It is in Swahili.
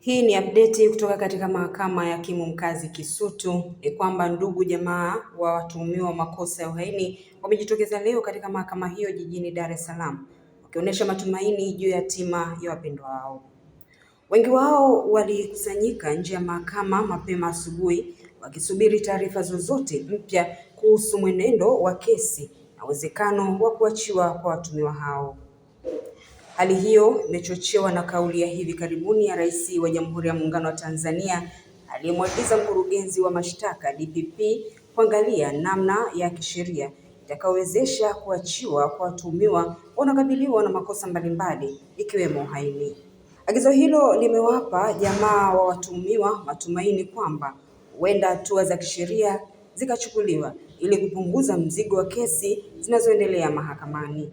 Hii ni update kutoka katika mahakama ya hakimu mkazi Kisutu, ni kwamba ndugu jamaa wa watuhumiwa makosa ya uhaini wamejitokeza leo katika mahakama hiyo jijini Dar es Salaam wakionyesha matumaini juu ya hatima ya wapendwa wao. Wengi wao walikusanyika nje ya mahakama mapema asubuhi wakisubiri taarifa zozote mpya kuhusu mwenendo wa kesi na uwezekano wa kuachiwa kwa watuhumiwa hao. Hali hiyo imechochewa na kauli ya hivi karibuni ya Rais wa Jamhuri ya Muungano wa Tanzania aliyemwagiza mkurugenzi wa mashtaka DPP kuangalia namna ya kisheria itakayowezesha kuachiwa kwa watuhumiwa wanaokabiliwa na makosa mbalimbali ikiwemo uhaini. Agizo hilo limewapa jamaa wa watuhumiwa matumaini kwamba huenda hatua za kisheria zikachukuliwa ili kupunguza mzigo wa kesi zinazoendelea mahakamani.